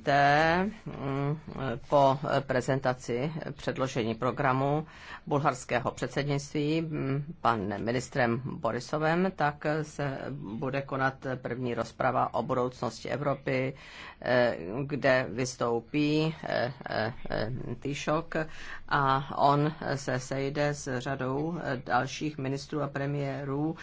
zde mm, po prezentaci předložení programu bulharského předsednictví mm, pan ministrem Borisovem, tak se bude konat první rozprava o budoucnosti Evropy, eh, kde vystoupí eh, eh, Týšok a on se sejde s řadou dalších ministrů a premiérů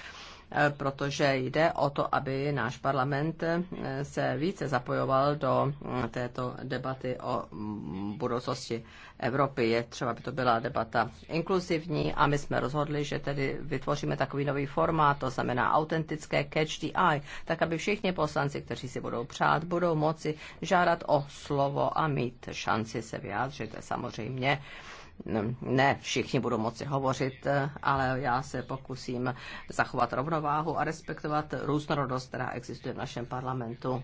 Eh, protože jde o to, aby náš parlament eh, se více zapojoval do eh, této debaty o mm, budoucnosti Evropy. Je třeba, aby to byla debata inkluzivní a my jsme rozhodli, že tedy vytvoříme takový nový formát, to znamená autentické catch the eye, tak aby všichni poslanci, kteří si budou přát, budou moci žádat o slovo a mít šanci se vyjádřit. Samozřejmě mm, ne všichni budou moci hovořit, ale já se pokusím zachovat rovnou rovnováhu a respektovat různorodost, která existuje v našem parlamentu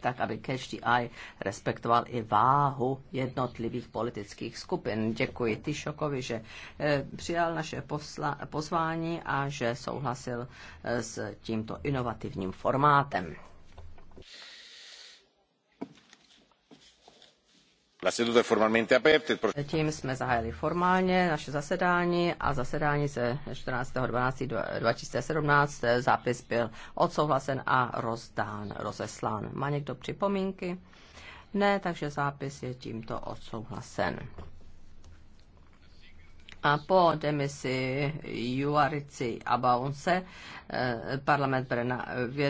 tak aby Catch the respektoval i váhu jednotlivých politických skupin. Děkuji Tyšokovi, že eh, přijal naše posla, pozvání a že souhlasil eh, s tímto inovativním formátem. Tím jsme zahájili formálně naše zasedání a zasedání 12. 14.12.2017 zápis byl odsouhlasen a rozdán, rozeslán. Má někdo připomínky? Ne, takže zápis je tímto odsouhlasen. A po demisi Juarici Abaunce eh, parlament bere na vědomí